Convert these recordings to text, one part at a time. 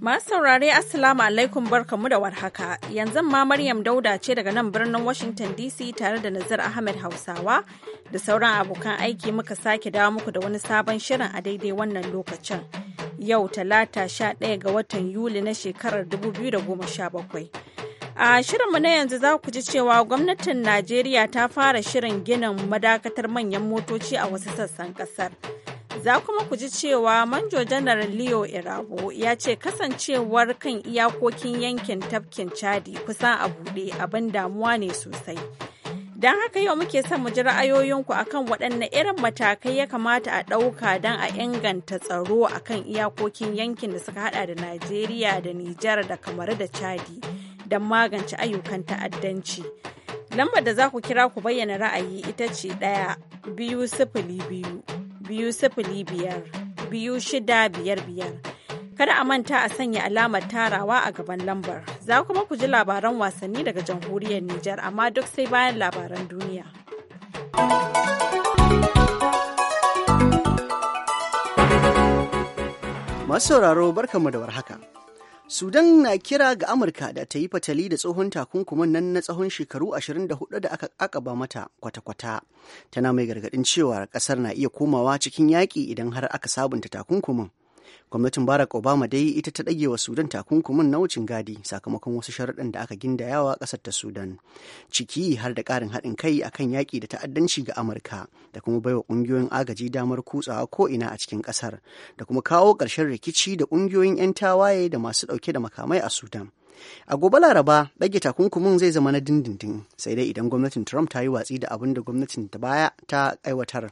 Masu saurare Assalamu alaikum barkamu da warhaka. Yanzu ma Maryam Dauda ce daga nan birnin Washington DC tare da Nazir Ahmed Hausawa da sauran abokan aiki muka sake dawo muku da wani sabon shirin a daidai wannan lokacin. Yau talata 11 ga watan Yuli na shekarar 2017. A shirinmu na yanzu za ku ji cewa gwamnatin Najeriya ta fara shirin ginin madakatar manyan motoci a wasu sassan ƙasar. Za kuma ku ji cewa manjo janar Leo Irabo ya ce kasancewar kan iyakokin yankin tafkin Chadi kusan a buɗe abin damuwa ne sosai. Don haka yau muke son mu ji ra'ayoyinku akan waɗanne irin matakai ya kamata a ɗauka don a inganta tsaro akan iyakokin yankin da suka hada da Najeriya da Nijar da Kamaru da Chadi don magance ayyukan ta'addanci. Lambar da za ku kira ku bayyana ra'ayi ita ce ɗaya biyu sifili biyu biyu sifili biyar biyu shida biyar biyar kada a manta a sanya alamar tarawa a gaban lambar za kuma ku ji labaran wasanni daga jamhuriyar Nijar amma duk sai bayan labaran duniya. Masu sauraro barkanmu da warhaka. Sudan na kira ga Amurka da ta yi fatali da tsohon takunkumin nan na tsawon shekaru 24 da aka akaba mata kwata-kwata. Tana mai gargadin cewa ƙasar na iya komawa cikin yaƙi idan har aka sabunta takunkumin. gwamnatin barack obama dai ita ta ɗage wa sudan takunkumin na wucin gadi sakamakon wasu sharaɗin da aka gindayawa ƙasar ta sudan ciki har da ƙarin haɗin kai akan yaƙi da ta'addanci ga amurka da kuma baiwa ƙungiyoyin agaji damar kutsawa ko ina a cikin ƙasar da kuma kawo ƙarshen rikici da ƙungiyoyin 'yan tawaye da masu ɗauke da makamai a sudan a gobe laraba ɗage takunkumin zai zama na dindindin sai dai idan gwamnatin trump ta yi watsi da abin da gwamnatin ta baya ta aiwatar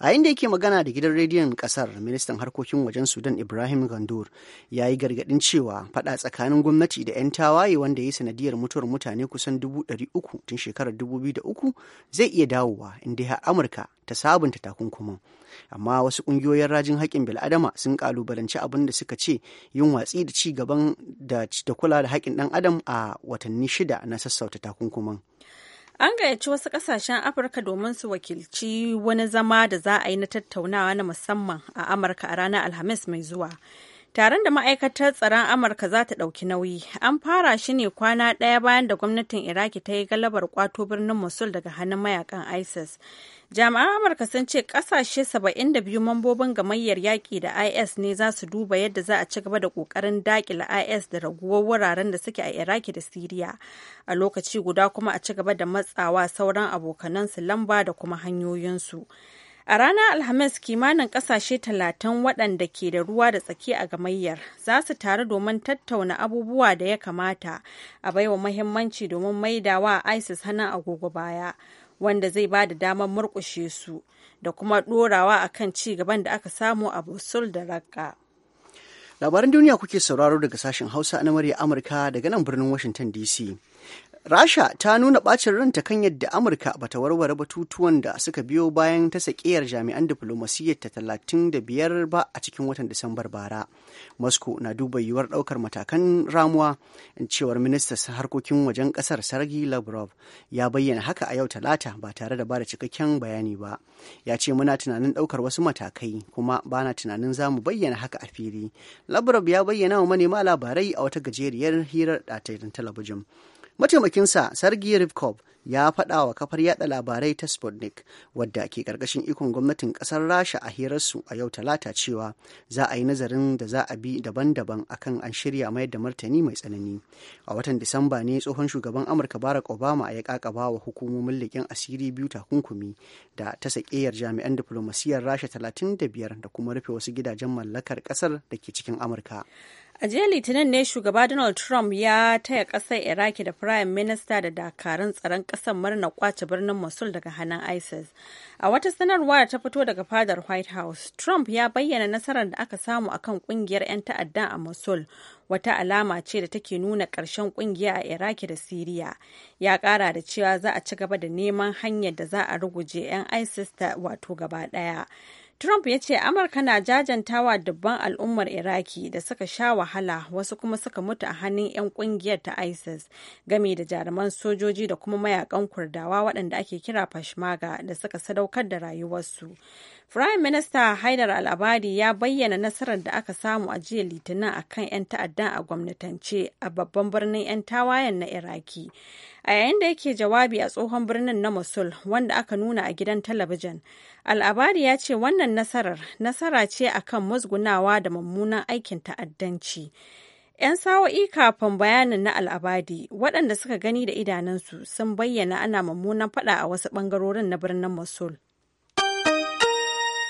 a inda yake magana da gidan rediyon kasar ministan harkokin wajen sudan ibrahim gandur ya yi gargadin cewa fada tsakanin gwamnati da 'yan tawaye wanda ya yi sanadiyar mutuwar mutane kusan 300 tun shekarar 2003 zai iya dawowa inda ya amurka ta sabunta takunkuman amma wasu kungiyoyin rajin haƙƙin bil'adama sun kalubalanci abin da suka ce yin watsi da ci gaban da kula da haƙƙin ɗan adam a watanni shida na sassauta takunkuman. An gayyaci wasu ƙasashen Afirka domin su wakilci wani zama da za a yi na tattaunawa na musamman a Amurka a ranar Alhamis mai zuwa. Taron da ma'aikatar tsaron Amurka za ta ɗauki nauyi an fara shi ne kwana ɗaya bayan da gwamnatin Iraki ta yi galabar kwato birnin Mosul daga hannun mayakan ISIS. Jami'an Amurka sun ce ƙasashe 72 mambobin gamayyar yaƙi da IS ne za su duba yadda za a ci gaba da ƙoƙarin daƙila IS da raguwar wuraren da suke a Iraki da Siriya. A lokaci guda kuma a ci gaba da matsawa sauran abokanansu lamba da kuma hanyoyinsu. A ranar Alhamis kimanin kasashe talatin waɗanda ke da ruwa da tsaki a gamayyar za su taru domin tattauna abubuwa da ya kamata a baiwa mahimmanci domin maidawa ISIS hannun agogo baya wanda zai ba da damar murƙushe su da kuma ɗorawa a kan ci gaban da aka samu a Busul da Raqqa. Labaran duniya kuke sauraro daga sashen Hausa na Amurka daga nan birnin Washington DC. Rasha ta nuna ɓacin ranta kan yadda Amurka ba ta warware batutuwan da suka biyo bayan ta sakiyar jami'an diflomasiyyar ta talatin da biyar ba a cikin watan Disambar bara. Moscow na duba yiwuwar ɗaukar matakan ramuwa, in cewar ministan harkokin wajen ƙasar Sergei Lavrov ya bayyana haka a yau Talata ba tare da bada cikakken bayani ba. Ya ce muna tunanin ɗaukar wasu matakai kuma bana tunanin za mu bayyana haka a fili. Lavrov ya bayyana wa manema labarai a wata gajeriyar hirar ɗatarin talabijin. Mataimakinsa sargi Rivkov ya faɗa wa kafar yada labarai ta Sputnik wadda ke ƙarƙashin ikon gwamnatin ƙasar Rasha a hirarsu a yau talata cewa za a yi nazarin da za a bi daban-daban akan an shirya mayar da martani mai tsanani. A watan Disamba ne tsohon shugaban Amurka Barack Obama ya kakaba wa hukumomin leƙen asiri biyu takunkumi da ta sakeyar jami'an diflomasiyyar Rasha 35 da kuma rufe wasu gidajen mallakar ƙasar da ke cikin Amurka. A jiya Litinin ne shugaba Donald Trump ya taya ƙasar Iraki da prime minister da dakarun tsaron ƙasar murnar kwace birnin Mosul daga hannun ISIS. A wata sanarwa da ta fito daga fadar White House, Trump ya bayyana nasarar da aka samu akan kungiyar 'yan ta'adda a Mosul, wata alama ce da take nuna ƙarshen kungiya a Iraki da syria Ya kara da cewa za a ci gaba da neman hanyar da za a ruguje 'yan ISIS ta wato gaba ɗaya. Trump ya ce Amurka na jajantawa dubban al'ummar Iraki da suka sha wahala wasu kuma suka mutu a hannun 'yan kungiyar ta ISIS game da jaruman sojoji da kuma mayakan kurdawa waɗanda ake kira Peshmerga da suka sadaukar da rayuwarsu. Firayim Minista Haidar Al-Abadi ya bayyana nasarar da aka samu a jiya Litinin a kan 'yan ta'adda a gwamnatance a babban birnin 'yan tawayen na Iraki. A yayin da yake jawabi a tsohon birnin na Mosul wanda aka nuna a gidan talabijin, Al-Abadi ya ce wannan nasarar nasara ce akan musgunawa da mummunan aikin ta'addanci. 'Yan sawo'i kafin bayanin na al'abadi waɗanda suka gani da idanunsu sun bayyana ana mummunan faɗa a wasu ɓangarorin na birnin Mosul.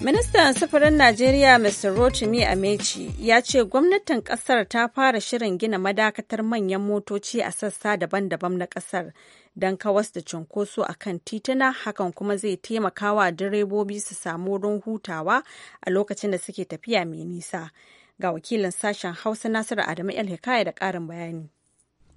Ministan sufurin Najeriya Mr. Rotimi Amechi ya ce gwamnatin kasar ta fara shirin gina madakatar manyan motoci a sassa daban-daban na kasar don kawas da cunkoso a kan tituna hakan kuma zai taimaka wa direbobi su samu wurin hutawa a lokacin da suke tafiya mai nisa. Ga wakilin sashen Hausa Nasiru Adamu El Hikaya da ƙarin bayani.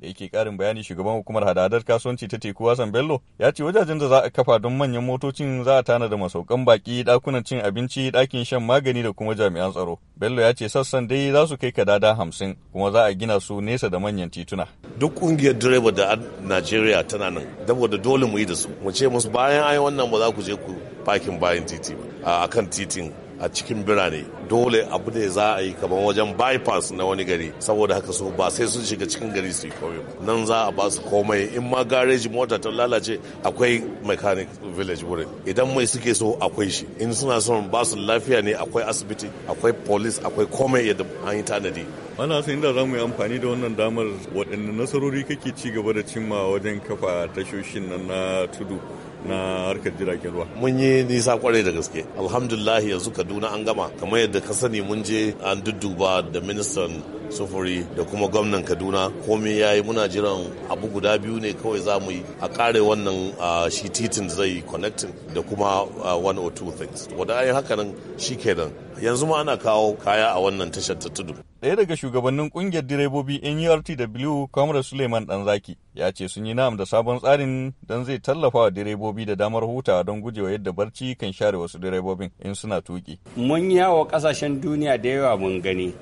da yake karin bayani shugaban hukumar hadadar kasuwanci ta teku wasan Bello ya ce wajajen da za a kafa don manyan motocin za a da masaukan baki dakunan cin abinci dakin shan magani da kuma jami'an tsaro Bello ya ce sassan dai za su kai kadada hamsin kuma za a gina su nesa da manyan tituna duk kungiyar direba da Najeriya tana nan saboda dole mu yi da su mu ce musu bayan ayi wannan ba za ku je ku fakin bayan titi ba a kan titin a cikin birane dole abu ne za a yi kamar wajen bypass na wani gari saboda haka su ba sai sun shiga cikin gari su yi ba nan za a ba su komai in ma gareji mota ta lalace akwai mechanic village wurin idan mai suke so akwai shi in suna son ba su lafiya ne akwai asibiti akwai police akwai komai yadda an yi tanadi ana san inda za mu yi amfani da wannan damar waɗanne nasarori kake ci gaba da cimma wajen kafa tashoshin nan na tudu na harkar jiragen ruwa mun yi nisa kwarai da gaske alhamdulillah yanzu kaduna an gama kamar yadda ka sani mun je an dudduba da ministan sufuri da kuma gwamnan kaduna komai ya yi muna jiran abu guda biyu ne kawai za mu yi a kare wannan shi titin zai connecting da kuma one or two things wadda ayin haka nan shi kenan yanzu ma ana kawo kaya a wannan tashar ta tudu ɗaya daga shugabannin kungiyar direbobi nurtw e comrade suleiman danzaki ya ce sun yi na'am da sabon tsarin don zai tallafa wa direbobi da damar huta don gujewa yadda barci kan share wasu direbobin in suna tuki mun yawo kasashen duniya da yawa mun gani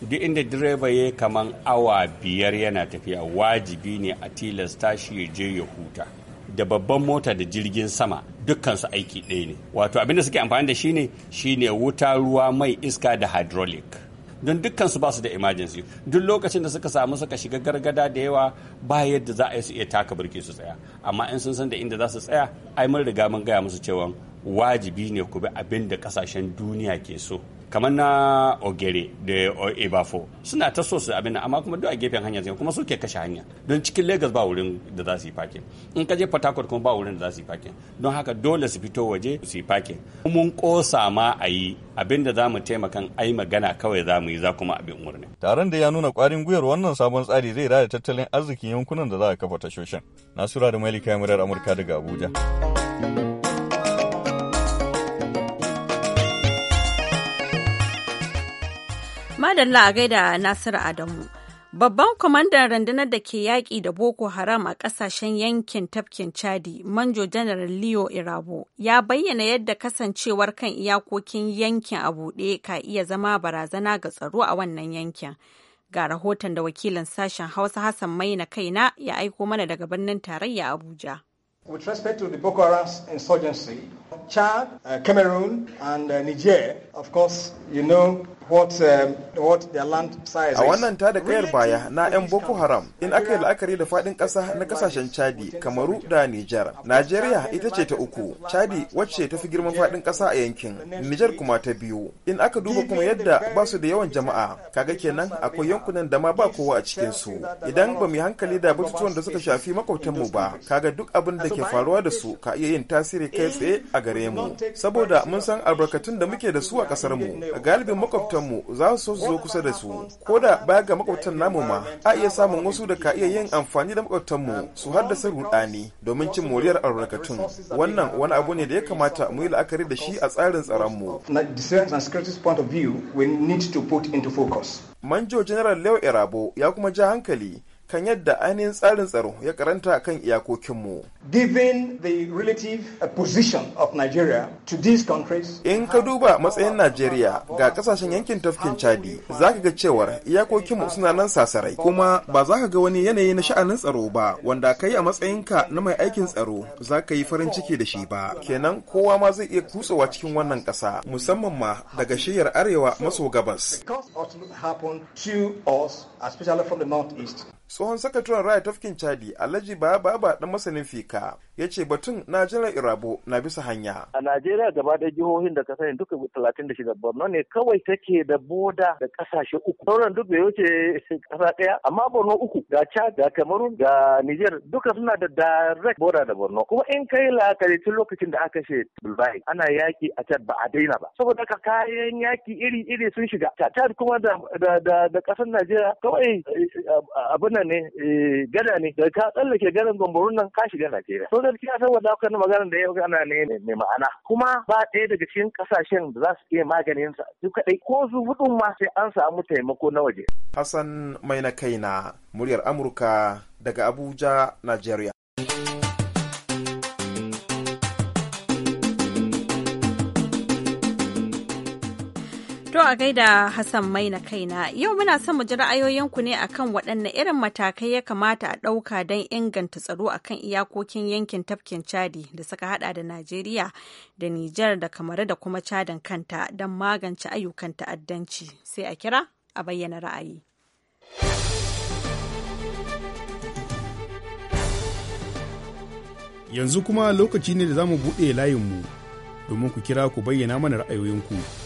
duk inda direba ya kaman awa biyar yana tafiya wajibi ne a tilasta shi ya je ya huta da babban mota da jirgin sama dukkansu aiki ɗaya ne wato abinda suke amfani da shi ne shi ne wuta ruwa mai iska da hydraulic don dukkan ba su da emergency duk lokacin da suka samu suka shiga gargada da yawa ba yadda za a yi su iya taka birki su tsaya amma in sun san da inda za su tsaya ai mun riga mun gaya musu cewa wajibi ne ku bi abin da kasashen duniya ke so kamar na ogere da ebafo suna ta so su abin amma kuma duk a gefen hanya zai kuma suke kashe hanya don cikin lagos ba wurin da za su yi fakin in ka je port harcourt kuma ba wurin da za su yi fakin don haka dole su fito waje su yi fakin mun kosa ma a yi abin da za mu taimakan ai magana kawai za mu yi za kuma abin murna. taron da ya nuna kwarin gwiwar wannan sabon tsari zai rada tattalin arzikin yankunan da za a kafa tashoshin nasura da malika murar amurka daga abuja. Madalla a gaida Nasiru Adamu. Babban kwamandan rundunar da ke yaƙi da Boko Haram a ƙasashen yankin tafkin Chadi, Manjo Janar Leo Irabo, ya bayyana yadda kasancewar kan iyakokin yankin a buɗe ka iya zama barazana ga tsaro a wannan yankin. Ga rahoton da wakilin sashen Hausa Hassan na kaina ya aiko mana daga birnin tarayya Abuja. With respect to the Boko Chad, uh, Cameroon, and uh, Niger, of course, you know, Um, a wannan ta da kayar baya na 'yan Boko Haram in aka yi la'akari da faɗin ƙasa na ƙasashen Chadi, Kamaru da Nijar. Najeriya ita ce ta uku, Chadi wacce ta fi girman faɗin ƙasa a yankin, Nijar kuma ta biyu. In aka duba kuma yadda ba su da yawan jama'a, kaga kenan akwai yankunan da ma ba kowa a cikin su. Idan ba mu hankali da batutuwan da suka shafi mu ba, kaga duk abin da ke faruwa da su ka iya yin tasiri kai tsaye a gare mu. Saboda mun san albarkatun da muke da su a ƙasar mu, a galibin makwabta makwabtanmu za su zo kusa da su ko da baya ga makwabtan namu ma a iya samun wasu da ka iya yin amfani da makwabtanmu su haddasa rudani domin cin moriyar albarkatun wannan wani abu ne da ya kamata mu yi la'akari da shi a tsarin tsaronmu manjo general leo irabo ya kuma ja hankali kan yadda ainihin tsarin tsaro ya karanta kan iyakokinmu. Given the relative uh, position of Nigeria to these countries. In ka duba matsayin Najeriya ga kasashen yankin tafkin Chadi, za ka ga cewar iyakokinmu suna nan sasarai, kuma ba za ka ga wani yanayi na sha'anin tsaro ba, wanda ka yi a matsayinka na mai aikin tsaro za ka yi farin ciki da shi ba. Kenan kowa ma zai iya kutsowa cikin wannan ƙasa, musamman ma daga shiyar arewa maso gabas. tsohon sakataren raya tafkin chadi alhaji baba dan masanin fika ya ce batun na jiran irabo na bisa hanya a najeriya gaba da jihohin da ka sani duka talatin da shida borno ne kawai take da boda da kasashe uku sauran duk da wuce kasa daya amma borno uku ga chad ga cameroon ga niger duka suna da direct boda da borno kuma in kai la'akari tun lokacin da aka ce bulbai ana yaki a chad ba a daina ba saboda ka kayan yaki iri iri sun shiga chad kuma da da da kasar najeriya kawai eh, eh, abin wannan ne eh, gada ne da ka tsallake ganin bambarun nan ka shiga Najeriya. to gaskiya saboda haka na magana da yau ana ne mai ma'ana kuma ba ɗaya daga cikin kasashen da za su iya maganin sa duk kaɗai ko su hudun ma sai an samu taimako na waje. Hassan mai na kaina muryar Amurka daga Abuja, Najeriya. a gaida Hassan mai na kaina. Yau muna son mu ji ra'ayoyinku ne akan waɗanne irin matakai ya kamata a ɗauka don inganta tsaro akan iyakokin yankin tafkin Chadi da suka hada da Najeriya da Nijar da Kamaru da kuma Chadin kanta don magance ayyukan ta'addanci. Sai a kira a bayyana ra'ayi. Yanzu kuma lokaci ne da za mu buɗe layinmu domin ku kira ku bayyana mana ra'ayoyinku.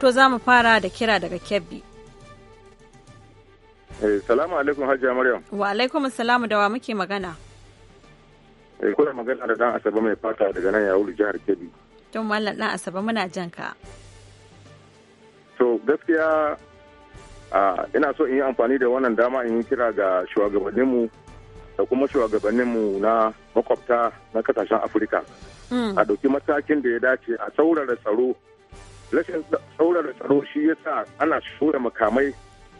To za mu fara da kira daga Kebbi. Eh, salamu alaikum Hajiya Maryam. Wa alaikum salamu da wa muke magana. Eh kuna magana da dan Asabe mai fata daga nan Yawuri jihar Kebbi. Don mallan dan Asabe muna jan ka. To gaskiya ina so in yi amfani da wannan dama in yi kira ga shugabanninmu da kuma shugabanninmu na makwabta na kasashen Afirka. Hmm. A ɗauki matakin da ya dace a saurara tsaro rashin tsaurar tsaro shi ya sa ana shura makamai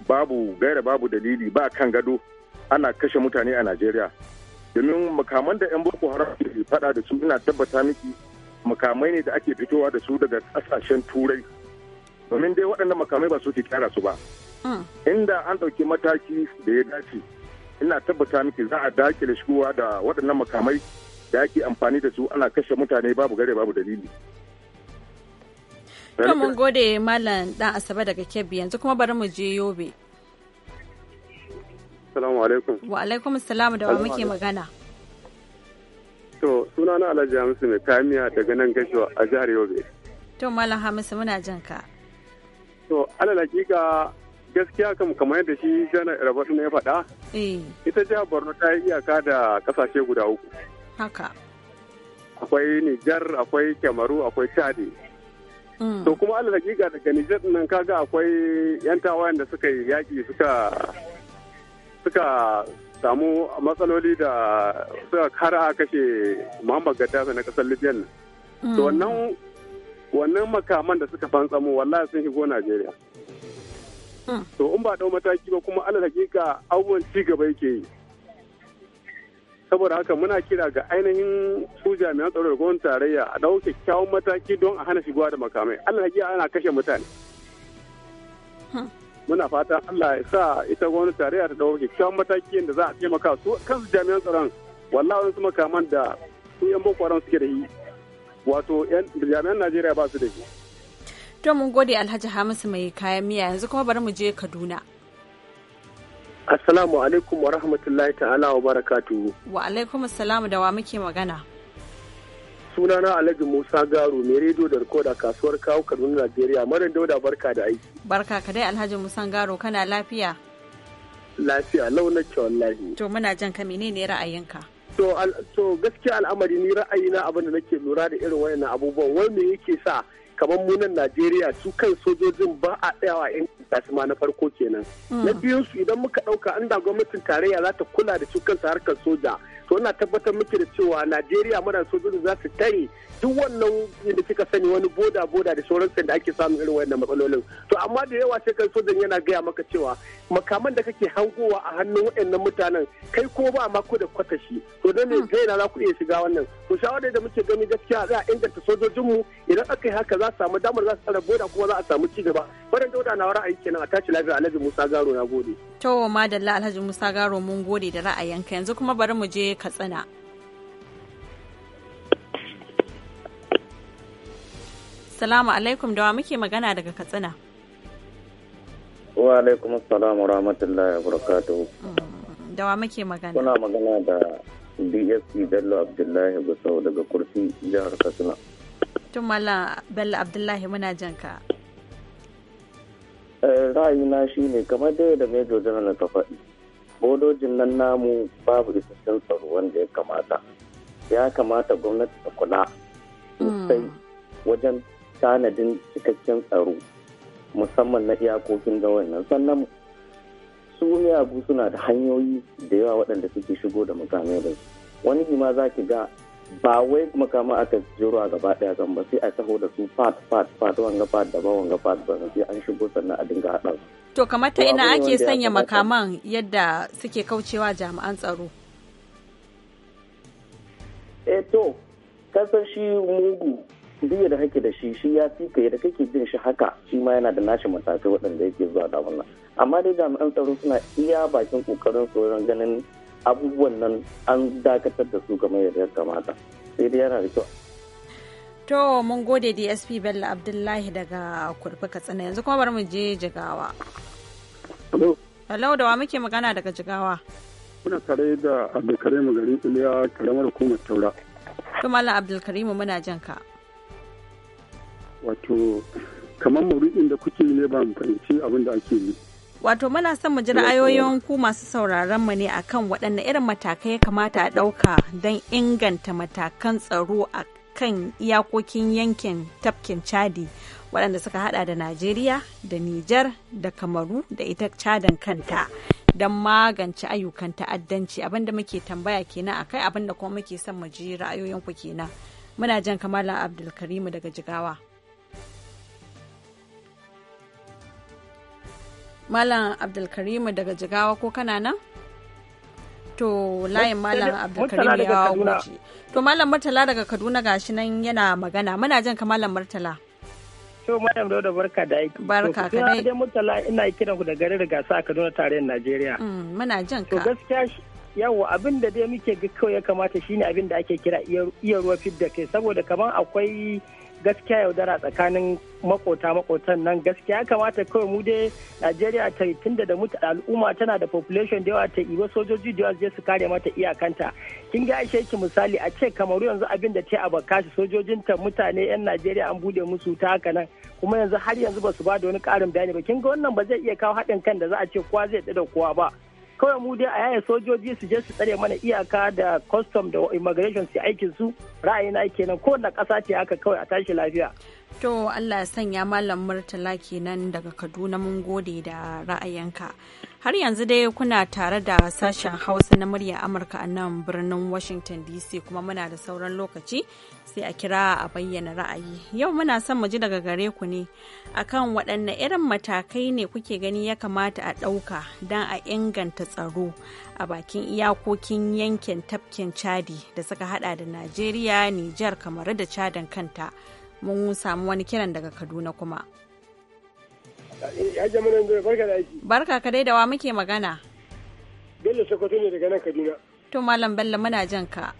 babu gaira babu dalili ba kan gado ana kashe mutane a najeriya domin makaman da 'yan boko haram ke fada da su ina tabbata miki makamai ne da ake fitowa da su daga kasashen turai domin dai waɗannan makamai ba su ke kyara su ba hmm. inda an ɗauki mataki da ya dace ina tabbata miki za a dakile shigowa da waɗannan makamai da ake amfani da su ana kashe mutane babu gare babu dalili To mun gode Malam Dan Asabe daga Kebbi yanzu kuma bari mu je Yobe. Assalamu alaikum. Wa alaikum assalamu da wa muke magana. To suna na Alhaji Hamisu mai kamiya daga nan gashuwa a jihar Yobe. To Malam Hamisu muna jin ka. To alal hakika gaskiya kam kamar yadda shi Jana Rabatu ne ya faɗa. Eh. Ita jihar Borno ta yi iyaka da kasashe guda uku. Haka. Akwai Nijar, akwai Kyamaru, akwai Chadi. Mm. to kuma da hakika daga Nijar nan kaga akwai yan tawayen da suka yi yaƙi suka suka samu matsaloli da suka kara kashe Muhammad Gaddafi na kasar Libyan mm. to wannan wannan makaman da suka fantsamo wallahi sun shigo Najeriya mm. to in ba dau mataki ba kuma da hakika abubuwan ci gaba yake yi saboda haka muna kira ga ainihin su jami'an tsaro da gwamnatin tarayya a dauke kyakkyawan mataki don a hana shigowa da makamai allah ya ana kashe mutane muna fata allah ya sa ita gwamnatin tarayya ta dauke kyakkyawan mataki yadda za a taimaka su kansu jami'an tsaron wallahi wasu makaman da su yan boko haram suke da yi wato jami'an najeriya ba su da shi. to mun gode alhaji hamisu mai kayan miya yanzu kuma bari mu je kaduna. Assalamu alaikum wa rahmatullahi ta'ala wa barakatu. Wa alaikum assalamu da wa muke magana. Sunana Alhaji Musa Garu mai rediyo da rikoda kasuwar kawo Kaduna Najeriya marar dauda barka da aiki. Barka ka dai Alhaji Musa Garu kana lafiya? Lafiya launar ce wallahi. To muna jan ka menene ra'ayinka? To gaskiya al'amari ni ra'ayina abin da nake lura da irin wayannan abubuwan wai me yake sa kamar munan najeriya su kan sojojin ba a tsayawa yan su ma na farko kenan mm. na biyun su idan muka ɗauka an da gwamnatin tarayya za ta kula da su kansa harkar soja to ina tabbatar miki da cewa najeriya mana sojojin za su tare duk wannan da kika sani wani boda boda da sauransu da ake samun irin wannan matsalolin to amma da yawa sai kan sojan yana gaya maka cewa makaman da kake hangowa a hannun waɗannan mutanen kai ko ba ma ko da kwatashi to dan ne zai mm. za ku iya shiga wannan to shawarar da muke gani gaskiya za a inganta sojojinmu idan aka yi haka za za samu damar za su tsara boda kuma za a samu ci gaba barin dauda na ra'ayi kenan a tashi lafiya alhaji musa garo na gode to madalla alhaji musa garo mun gode da ra'ayinka yanzu kuma bari mu je katsina Assalamu alaikum da wa muke magana daga Katsina. Wa alaikum assalam wa rahmatullahi wa barakatuhu. Mm, da wa muke magana? Kuna magana da DSP Bello Abdullahi Gusau daga kursi jihar Katsina. tun mala bello abdullahi muna jan ka eh, ra'ayina shi ne kamar da da major general ta faɗi bodojin nan namu babu isasshen tsaro wanda ya kamata ya kamata gwamnati ta kula sosai wajen tanadin cikakken tsaro musamman na iyakokin da wannan sannan su miyagu suna da hanyoyi da yawa waɗanda suke shigo da mutane da wani ma za ki ga ba wai makaman aka jiro a gaba daya kan ba sai a taho da su fat fat fat wanga fat da ba wanga fat ba sai an shigo sannan a dinga hada to kamar ta ina ake sanya makaman yadda suke kaucewa jami'an tsaro eh to kasar shi mugu duk da hake da shi shi ya fi kai da kake jin shi haka shi ma yana da nashi matakai waɗanda yake zuwa da wannan amma dai jami'an tsaro suna iya bakin kokarin tsoron ganin abubuwan nan an dakatar da su da yadda kamata sai dai yana da kyau to mun gode dsp bello abdullahi daga kurfi katsina yanzu kuma bari mu je jigawa hello da wa muke magana daga jigawa muna kare da abdulkarim garin iliya karamar hukumar taura to mallam abdulkarim muna jan ka wato kamar maudu'in da kuke ne ba mu fahimci abin da ake yi Wato muna son mu ji ra'ayoyin ku masu sauraron mu ne akan waɗanne irin matakai ya kamata a ɗauka don inganta matakan tsaro a kan iyakokin yankin tafkin Chadi waɗanda suka hada da Najeriya da Nijar da Kamaru da ita Chadan kanta don magance ayyukan ta'addanci abinda muke tambaya kenan akai abinda kuma muke son mu ji ra'ayoyin ku kenan. Muna jan Kamala Abdulkarimu daga Jigawa. Malam Abdulkarimu daga Jigawa ko kana nan? To layin Malam Abdulkarimu ya wuce. To Malam Murtala daga Kaduna gashi nan yana magana. Muna jin ka Malam Murtala. To Malam Dauda barka da aiki. Barka ka dai. Dai Murtala ina kiran ku da garin Rigasa a Kaduna tarayyar Najeriya. Mm, muna jin ka. To gaskiya yawa abin da dai muke ga kawai ya kamata shine abin da ake kira iya ruwa fidda kai saboda kamar akwai gaskiya yaudara tsakanin makota makotan nan gaskiya ya kamata kawai mu dai Najeriya ta tunda da mutu al'umma tana da population da yawa ta iwa sojoji da yawa je su kare mata iyakanta kin ga aishe ki misali a ce kamaru yanzu abin da ta a bakashi sojojin ta mutane yan Najeriya an bude musu ta haka nan kuma yanzu har yanzu ba su ba da wani karin bayani ba kin ga wannan ba zai iya kawo haɗin kan da za a ce kowa zai da kowa ba kawai mu dai a yaya sojoji su je su tsare mana iyaka da custom da immigration su aikin su ra'ayina kenan kowane ƙasa ce aka kawai a tashi lafiya To Allah ya sanya Malam Murtala kenan daga Kaduna mun gode da ra'ayinka. Har yanzu dai kuna tare da sashen Hausa na murya Amurka a nan birnin Washington DC kuma muna da sauran lokaci sai a kira a bayyana ra'ayi. Yau muna son mu ji daga gare ku ne akan waɗanne irin matakai ne kuke gani ya kamata a ɗauka don a inganta tsaro a bakin iyakokin yankin tafkin Chadi da suka haɗa da Najeriya, Nijar, kamar da Chadin kanta. mun samu wani kiran daga kaduna kuma barka da barka ka dai da wa muke magana bello sokoto ne daga nan kaduna to malam bello muna jan ka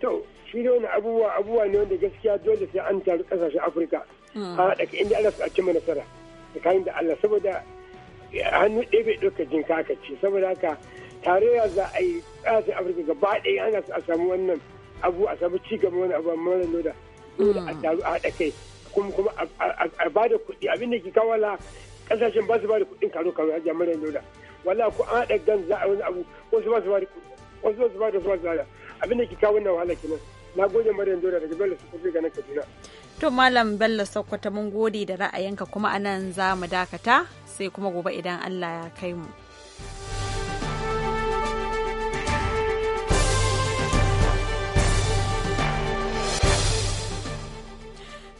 to shi ne wani abubuwa abubuwa ne wanda gaskiya dole sai an taru kasashen afirka mm. a haɗa inda ana su a cimma nasara tsakanin da allah saboda hannu ɗaya bai ɗauka jinka aka ce saboda haka tarayya za a yi ƙasashen afirka gaba ɗaya ana su a samu wannan abu a samu ci gaba wani abu a mara loda dole a mm. taru a kuma kuma a ba da kuɗi abin da ke kawala kasashen ba su ba da kuɗin karo karo a jami'ar dola wala ko an haɗa gan za a wani abu wasu ba su ba da wasu ba su ba da su ba su da abin da ke kawo wannan wahala kenan na gode maryam dola daga bello sokoto ga nan kaduna. to malam bello sokoto mun gode da ra'ayinka kuma anan za mu dakata sai kuma gobe idan allah ya kai mu.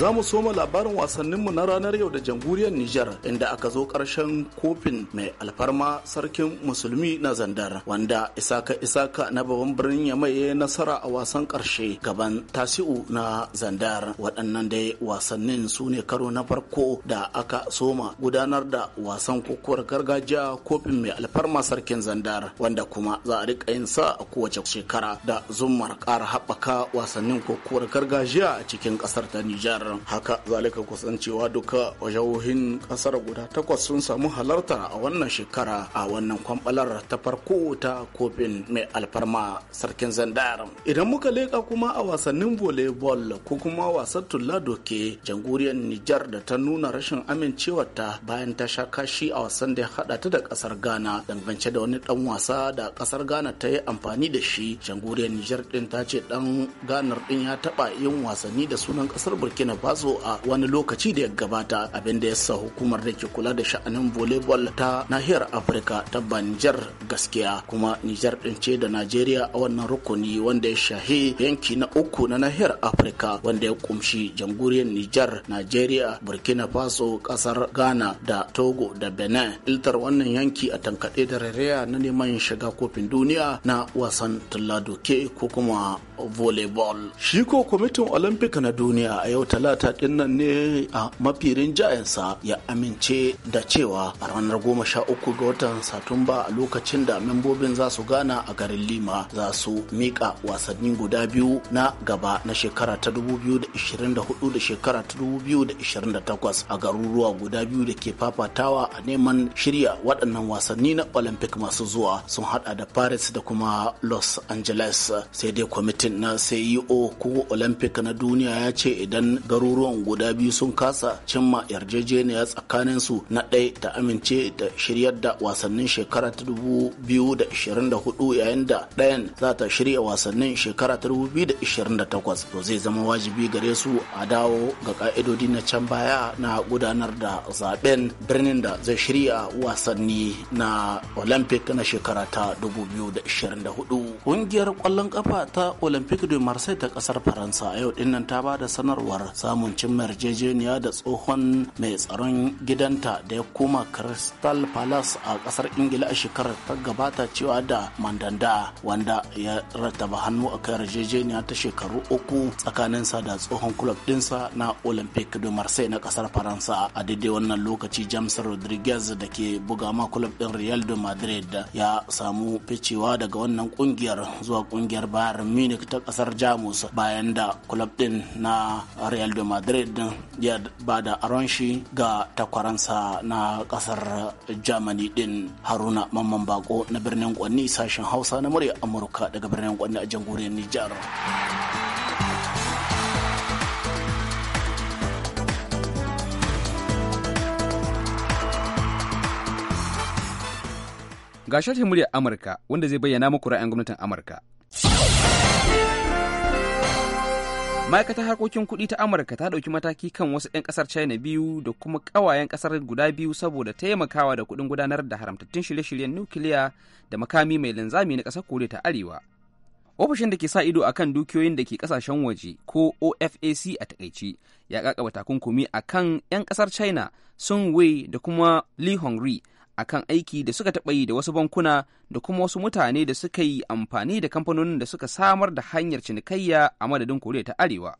Za mu soma labarin wasanninmu na ranar yau da jamhuriyar Nijar inda aka zo ƙarshen kofin mai alfarma sarkin musulmi na zandar wanda isaka isaka na babban birnin ya maye nasara a wasan ƙarshe gaban tasi'u na zandar waɗannan dai wasannin su ne karo na farko da aka soma gudanar da wasan kokowar gargajiya kofin mai alfarma sarkin zandar wanda kuma za a riƙa yin sa a kowace shekara da zummar ƙara haɓaka wasannin kokowar gargajiya a cikin ƙasar ta Nijar. taron haka zalika kusancewa duka wajahohin kasar guda takwas sun samu halarta a wannan shekara a wannan kwambalar ta farko ta kofin mai alfarma sarkin zandar idan muka leka kuma a wasannin volleyball ko kuma wasan tulla doke jamhuriyar nijar da ta nuna rashin amincewarta bayan ta sha kashi a wasan da ya hada ta da kasar ghana dangance da wani dan wasa da kasar ghana ta yi amfani da shi jamhuriyar nijar din ta ce dan ganar din ya taba yin wasanni da sunan kasar burkina faso a wani lokaci da ya gabata abin da ya sa hukumar da ke kula da sha'anin volleyball ta nahiyar afirka ta banjar gaskiya kuma nijar din ce da najeriya a wannan rukuni wanda ya shahi yanki na uku na nahiyar afirka wanda ya kumshi jamhuriyar nijar najeriya burkina faso kasar ghana da togo da benin iltar wannan yanki a tankaɗe da rairaya na neman shiga kofin duniya na wasan doke ko kuma volleyball shi ko kwamitin olympic na duniya a yau tala talata nan ne a mafi rinjayensa ya amince da cewa a ranar goma sha uku ga watan satumba a lokacin da membobin za su gana a garin lima za su miƙa wasanni guda biyu na gaba na shekara ta 2024 da shekara ta 2028 a garuruwa guda biyu da ke fafatawa a neman shirya waɗannan wasanni na olympic masu zuwa sun hada da paris da kuma los angeles sai dai kwamitin na ceo ko olympic na duniya ya ce idan garuruwan guda biyu sun kasa cimma yarjejeniya tsakanin su na ɗaya ta amince da shiryar da wasannin shekara ta dubu biyu da da hudu yayin da ɗayan za ta shirya wasannin shekara ta dubu biyu da takwas to zai zama wajibi gare su a dawo ga ka'idodi na can baya na gudanar da zaben birnin da zai shirya wasanni na olympic na shekara ta dubu biyu da da hudu. ƙungiyar ƙwallon ƙafa ta olympic de marseille ta ƙasar faransa a yau dinnan ta ba da sanarwar samun cimma yarjejeniya da tsohon mai tsaron gidanta da ya koma crystal palace a kasar ingila a shekarar ta gabata cewa da mandanda wanda ya rattaba hannu a kan yarjejeniya ta shekaru uku tsakaninsa da tsohon club dinsa na olympic de marseille na kasar faransa a daidai wannan lokaci james rodriguez da ke buga ma club din real de madrid ya samu ficewa daga wannan kungiyar zuwa kungiyar bayern munich ta kasar jamus bayan da club din na real real de madrid ya ba da aron shi ga takwaransa na kasar germany din haruna mamman bako na birnin kwanni sashen hausa na murya amurka daga birnin kwanni a jamhuriyar nijar ga sharhin murya amurka wanda zai bayyana muku ra'ayin gwamnatin amurka ma'aikatar harkokin kuɗi ta amurka ta ɗauki mataki kan wasu 'yan ƙasar china biyu da kuma ƙawayen ƙasar guda biyu saboda taimakawa da kuɗin gudanar da haramtattun shirye-shiryen nukiliya da makami mai linzami na ƙasar koriya ta arewa ofishin da ke sa ido akan dukiyoyin da ke ƙasashen waje ko ofac a takaici ya kakaba takunkumi akan 'yan ƙasar china sun wei da kuma li hongri akan aiki da suka taɓa yi da wasu bankuna da kuma wasu mutane da suka yi amfani da kamfanonin da suka samar da hanyar cinikayya a madadin koriya ta arewa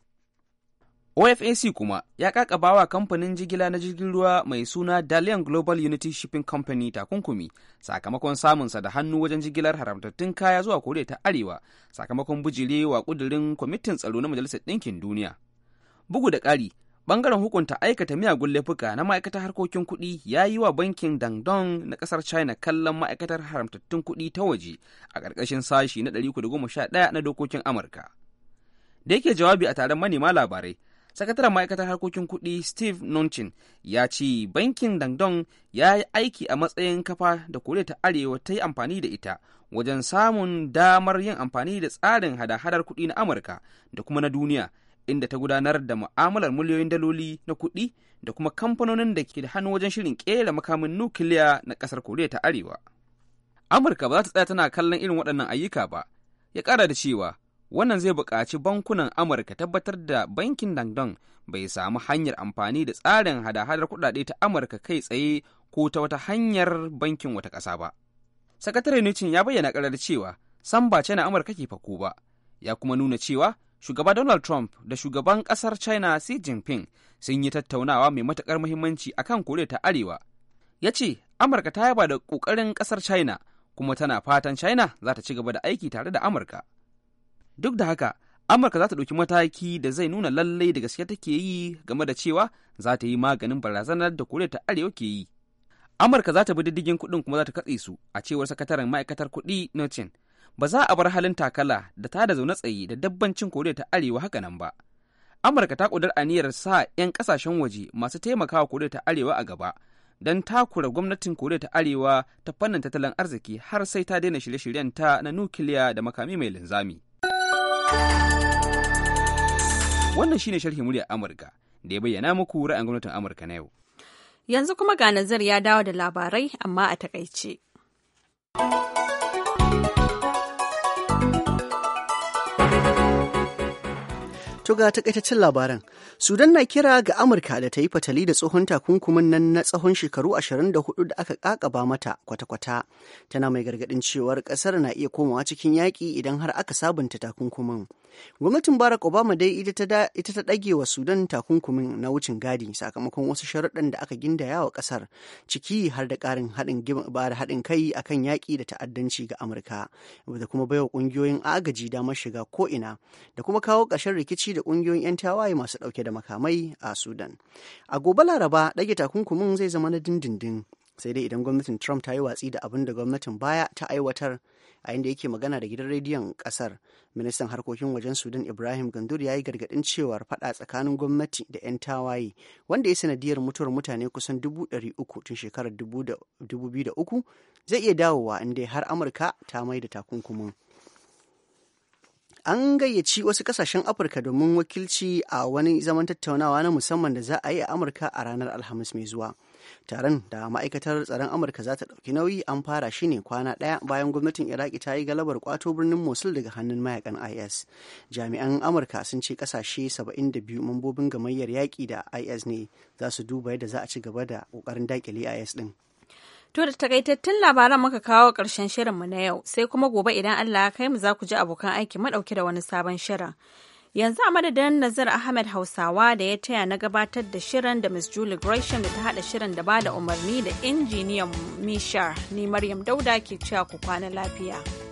ofac kuma ya ƙaƙabawa kamfanin jigila na jirgin ruwa mai suna dalian global unity shipping company takunkumi sakamakon samunsa da hannu wajen jigilar haramtattun kaya zuwa koriya ta arewa sakamakon wa kudirin kwamitin tsaro na majalisar ɗinkin duniya bugu da ƙari Bangaren hukunta aikata miyagun laifuka na ma'aikatar harkokin kuɗi ya yi wa bankin Dangdong na ƙasar China kallon ma'aikatar haramtattun kuɗi ta waje a ƙarƙashin sashi na 311 na dokokin Amurka. Da yake jawabi a taron manema labarai, sakataren ma'aikatar harkokin kuɗi Steve Nunchin ya ce bankin Dangdong ya yi aiki a matsayin kafa da Koriya ta Arewa ta yi amfani da ita wajen samun damar yin amfani da tsarin hada-hadar kuɗi na Amurka da kuma na duniya inda ta gudanar da mu'amalar miliyoyin daloli na kuɗi da kuma kamfanonin da ke da hannu wajen shirin ƙera makamin nukiliya na ƙasar koriya ta arewa amurka ba za ta tsaya tana kallon irin waɗannan ayyuka ba ya ƙara da cewa wannan zai buƙaci bankunan amurka tabbatar da bankin dangdon bai samu hanyar amfani da tsarin hada-hadar kuɗaɗe ta amurka kai tsaye ko ta wata hanyar bankin wata ƙasa ba sakatare nucin ya bayyana ƙarar cewa san ba na amurka ke fako ba ya kuma nuna cewa shugaba Donald Trump da shugaban ƙasar China Xi Jinping sun yi tattaunawa mai matuƙar muhimmanci a kan Koriya ta Arewa. Ya ce, Amurka ta yaba da ƙoƙarin ƙasar China kuma tana fatan China za ta ci gaba da aiki tare da Amurka. Duk da haka, Amurka za ta ɗauki mataki da zai nuna lallai da gaske take yi game da cewa za ta yi maganin barazanar da Koriya ta Arewa ke yi. Amurka za ta bi diddigin kuɗin kuma za ta katse su, a cewar sakataren ma'aikatar kuɗi cin. ba za a bar halin takala da ta da zaune tsaye da dabbancin koriya ta arewa haka nan ba amurka ta kudar aniyar sa 'yan kasashen waje masu taimakawa koriya ta arewa a gaba don takura gwamnatin koriya ta arewa ta fannin tattalin arziki har sai ta daina shirye-shiryen ta na nukiliya da makami mai linzami wannan shine sharhi muryar amurka da ya bayyana muku ra'ayin gwamnatin amurka na yau yanzu kuma ga nazar ya dawo da labarai amma a takaice. To ga takaitaccen labaran, Sudan na kira ga Amurka da ta yi fatali da tsohon takunkumin nan na tsawon shekaru 24 da aka kakaba mata kwata-kwata. Tana mai gargadin cewar kasar na iya komawa cikin yaƙi idan har aka sabunta takunkumin. Gwamnatin Barack Obama dai ita ta ɗage wa Sudan takunkumin na wucin gadi sakamakon wasu sharuɗan da aka gindaya wa ƙasar ciki har da ƙarin haɗin kai akan yaƙi da ta'addanci ga Amurka da kuma baiwa ƙungiyoyin agaji damar shiga ko'ina da kuma kawo ƙarshen rikici da ƙungiyoyin 'yan tawaye masu ɗauke da makamai a Sudan. A gobe Laraba ɗage takunkumin zai zama na dindindin sai dai idan gwamnatin Trump ta yi watsi da abin da gwamnatin baya ta aiwatar a inda yake magana da gidan rediyon kasar ministan harkokin wajen sudan ibrahim gandur ya yi gargadin cewar fada tsakanin gwamnati da 'yan tawaye wanda ya sanadiyar mutuwar mutane kusan 300 tun shekarar 2003 zai iya dawowa inda har amurka ta mai da takunkumin an gayyaci wasu kasashen afirka domin wakilci a wani zaman tattaunawa na musamman da za a yi a amurka a ranar alhamis mai zuwa taron da ma'aikatar tsaron amurka za ta ɗauki nauyi an fara shi ne kwana ɗaya bayan gwamnatin iraki ta yi galabar kwato birnin mosul daga hannun mayakan is jami'an amurka sun ce ƙasashe 72 mambobin gamayyar yaƙi da is ne za su duba yadda za a ci gaba da ƙoƙarin daƙile is ɗin To da takaitattun labaran muka kawo ƙarshen shirinmu na yau sai kuma gobe idan Allah ya kai mu za ku ji abokan aiki madauke da wani sabon shirin. yanzu a madadin nazar ahmed hausawa da ya taya na gabatar da shirin da miss julie gresham da ta haɗa shirin da bada umarni da injiniyan mishar ne maryam dauda ke cewa ku kwana lafiya